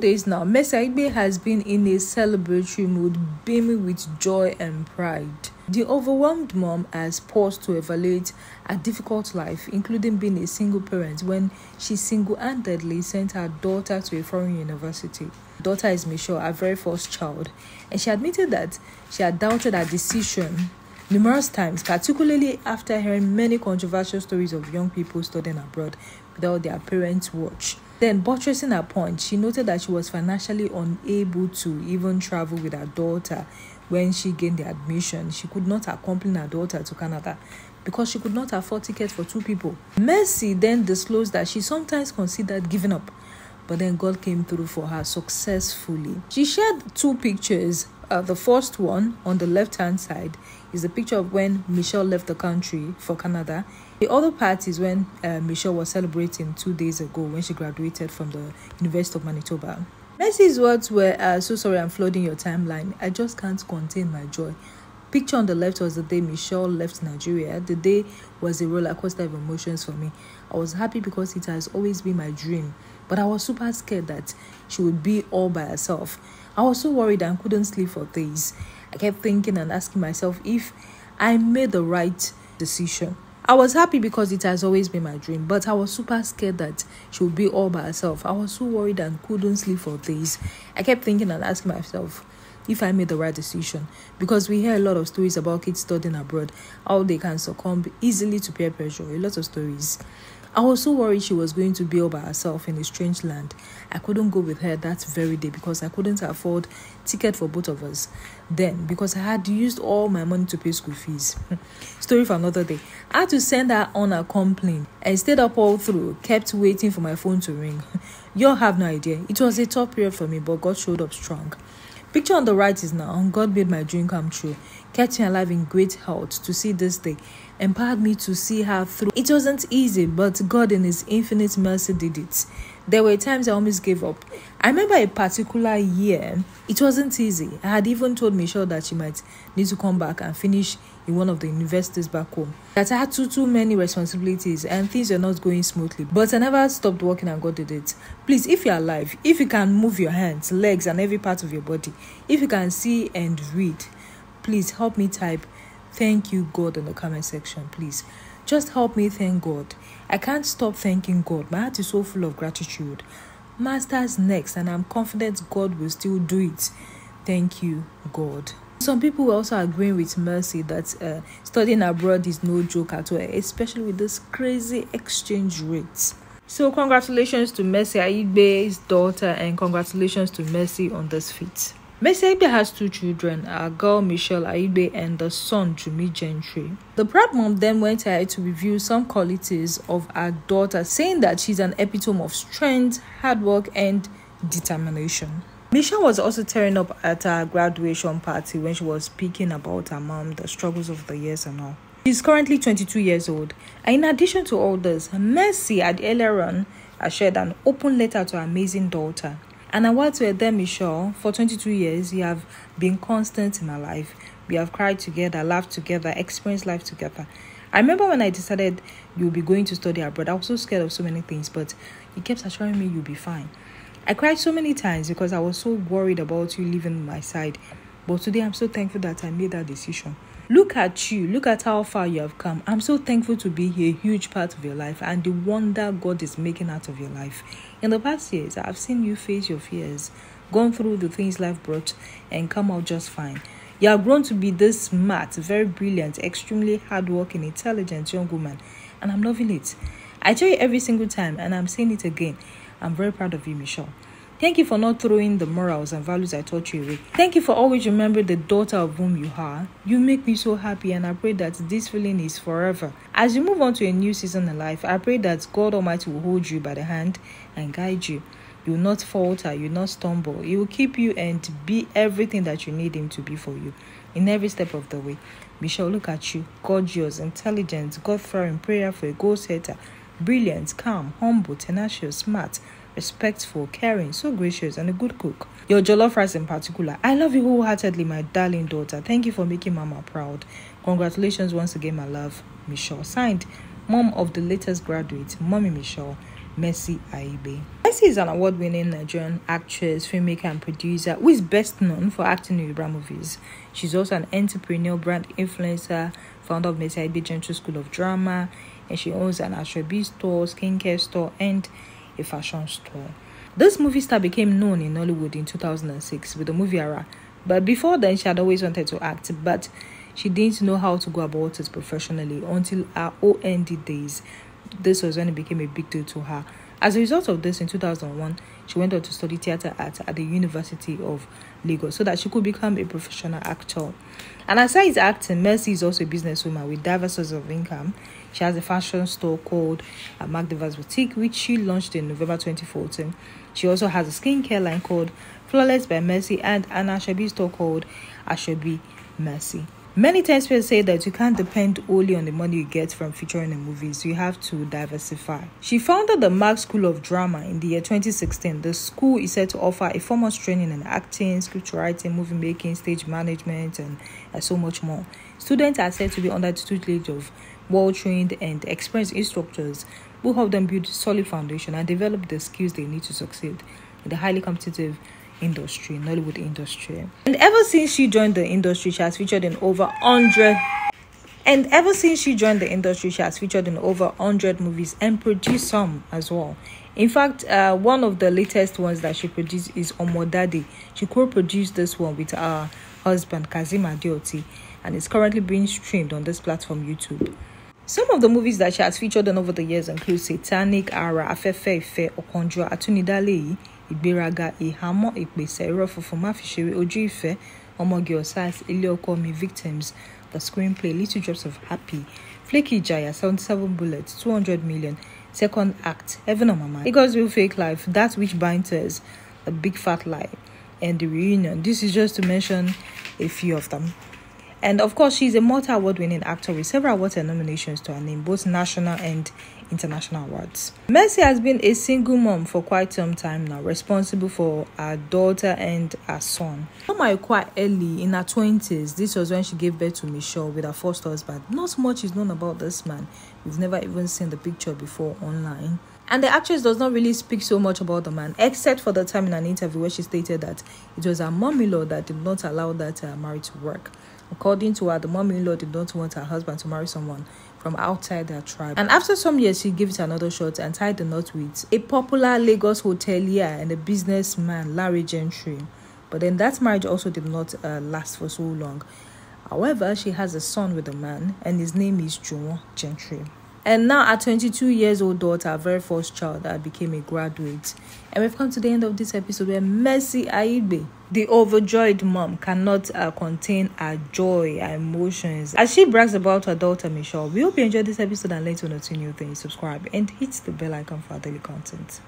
days now, Mesa has been in a celebratory mood, beaming with joy and pride. The overwhelmed mom has paused to evaluate a difficult life, including being a single parent, when she single handedly sent her daughter to a foreign university. Daughter is Michelle, her very first child, and she admitted that she had doubted her decision numerous times, particularly after hearing many controversial stories of young people studying abroad without their parents' watch. Then, buttressing her point, she noted that she was financially unable to even travel with her daughter when she gained the admission. She could not accompany her daughter to Canada because she could not afford tickets for two people. Mercy then disclosed that she sometimes considered giving up, but then God came through for her successfully. She shared two pictures. Uh, the first one on the left hand side is a picture of when Michelle left the country for Canada the other part is when uh, Michelle was celebrating two days ago when she graduated from the University of Manitoba. Messi's words were, uh, so sorry I'm flooding your timeline. I just can't contain my joy. Picture on the left was the day Michelle left Nigeria. The day was a roller coaster of emotions for me. I was happy because it has always been my dream, but I was super scared that she would be all by herself. I was so worried and couldn't sleep for days. I kept thinking and asking myself if I made the right decision. I was happy because it has always been my dream, but I was super scared that she would be all by herself. I was so worried and couldn't sleep for days. I kept thinking and asking myself if I made the right decision because we hear a lot of stories about kids studying abroad, how they can succumb easily to peer pressure, a lot of stories. I was so worried she was going to be all by herself in a strange land. I couldn't go with her that very day because I couldn't afford ticket for both of us then because I had used all my money to pay school fees. Story for another day. I had to send her on a complaint. I stayed up all through, kept waiting for my phone to ring. Y'all have no idea. It was a tough period for me, but God showed up strong. Picture on the right is now. God made my dream come true kept me alive in great health to see this day, empowered me to see her through. It wasn't easy, but God in His infinite mercy did it. There were times I almost gave up. I remember a particular year, it wasn't easy. I had even told Michelle that she might need to come back and finish in one of the universities back home. That I had too, too many responsibilities and things were not going smoothly. But I never stopped working and God did it. Please, if you're alive, if you can move your hands, legs, and every part of your body, if you can see and read, please help me type thank you God in the comment section, please. Just help me thank God. I can't stop thanking God. My heart is so full of gratitude. Master's next, and I'm confident God will still do it. Thank you, God. Some people also agreeing with Mercy that uh, studying abroad is no joke at all, especially with this crazy exchange rates. So, congratulations to Mercy Aigbe's daughter, and congratulations to Mercy on this feat. Mesebia has two children, a uh, girl Michelle Aibe and a son Jumi Gentry. The proud mom then went ahead to review some qualities of her daughter, saying that she's an epitome of strength, hard work, and determination. Michelle was also tearing up at her graduation party when she was speaking about her mom, the struggles of the years and all. She's currently 22 years old. And in addition to all this, Mercy had earlier on uh, shared an open letter to her amazing daughter. And I want to Awatu Michelle. for 22 years, you have been constant in my life. We have cried together, laughed together, experienced life together. I remember when I decided you'll be going to study abroad, I was so scared of so many things, but you kept assuring me you'll be fine. I cried so many times because I was so worried about you leaving my side. But today I'm so thankful that I made that decision. Look at you. Look at how far you have come. I'm so thankful to be here, huge part of your life, and the wonder God is making out of your life. In the past years, I've seen you face your fears, gone through the things life brought, and come out just fine. You are grown to be this smart, very brilliant, extremely hardworking, intelligent young woman, and I'm loving it. I tell you every single time, and I'm saying it again. I'm very proud of you, Michelle. Thank you for not throwing the morals and values I taught you away. Thank you for always remembering the daughter of whom you are. You make me so happy and I pray that this feeling is forever. As you move on to a new season in life, I pray that God Almighty will hold you by the hand and guide you. You will not falter, you will not stumble. He will keep you and be everything that you need Him to be for you in every step of the way. We shall look at you, gorgeous, intelligent, God fearing, prayerful, goal setter, brilliant, calm, humble, tenacious, smart respectful, caring, so gracious, and a good cook. Your jollof rice in particular. I love you wholeheartedly, my darling daughter. Thank you for making Mama proud. Congratulations once again, my love, Michelle. Signed, mom of the latest graduate, Mommy Michelle. Mercy Aibe. Mercy is an award-winning Nigerian actress, filmmaker, and producer who is best known for acting in Ibra movies. She's also an entrepreneur, brand influencer, founder of Mercy Aibe Gentle School of Drama, and she owns an Ashrabi store, skincare store, and a fashion store. This movie star became known in Hollywood in 2006 with the movie Ara, but before then she had always wanted to act, but she didn't know how to go about it professionally until her OND days. This was when it became a big deal to her. As a result of this, in 2001, she went on to study theater at at the University of Lagos so that she could become a professional actor. And aside acting, Mercy is also a businesswoman with diverse sources of income. She has a fashion store called uh, Mac DeVas Boutique, which she launched in November 2014. She also has a skincare line called Flawless by Mercy and an Ashobi store called Ashobi Mercy. Many times people say that you can't depend only on the money you get from featuring in movies, you have to diversify. She founded the Mark School of Drama in the year 2016. The school is set to offer a formal training in acting, scriptwriting, movie making, stage management, and uh, so much more. Students are said to be under the tutelage of well trained and experienced instructors who help them build solid foundation and develop the skills they need to succeed in the highly competitive industry, Nollywood industry. And ever since she joined the industry, she has featured in over 100 and ever since she joined the industry, she has featured in over 100 movies and produced some as well. In fact, uh, one of the latest ones that she produced is Omodade. She co-produced this one with her husband Kazim Adeoti and it's currently being streamed on this platform YouTube. Some of the movies that she has featured in over the years include Satanic, Ara, Afefe Ife, Okonjo, Atunidaleyi, ìgbéraga ìhámọ́ ìpèsè irọ́ funfun má fi ṣeré ojú ìfẹ́ ọmọge osas ilé ọkọ mi victims the screenplay little drops of happy flaky ìjàyà seventy seven bullets two hundred million second act heaven on my mind lagos real fake life that which binds us a big fat lie and the reunion this is just to mention a few of them. And of course, she's a multi award winning actor with several awards and nominations to her name, both national and international awards. Mercy has been a single mom for quite some time now, responsible for her daughter and her son. Mama quite early in her 20s, this was when she gave birth to Michelle with her first husband. Not much is known about this man. We've never even seen the picture before online. And the actress does not really speak so much about the man, except for the time in an interview where she stated that it was her mommy law that did not allow that uh, marriage to work. According to her, the mom in law did not want her husband to marry someone from outside their tribe. And after some years, she gave it another shot and tied the knot with a popular Lagos hotelier and a businessman, Larry Gentry. But then that marriage also did not uh, last for so long. However, she has a son with a man, and his name is Jomo Gentry. And now, at 22 years old daughter, very first child, I became a graduate. And we've come to the end of this episode where Mercy Aigbe, the overjoyed mom, cannot uh, contain her joy, her emotions. As she brags about her daughter, Michelle, we hope you enjoyed this episode and learned to know two new things. Subscribe and hit the bell icon for daily content.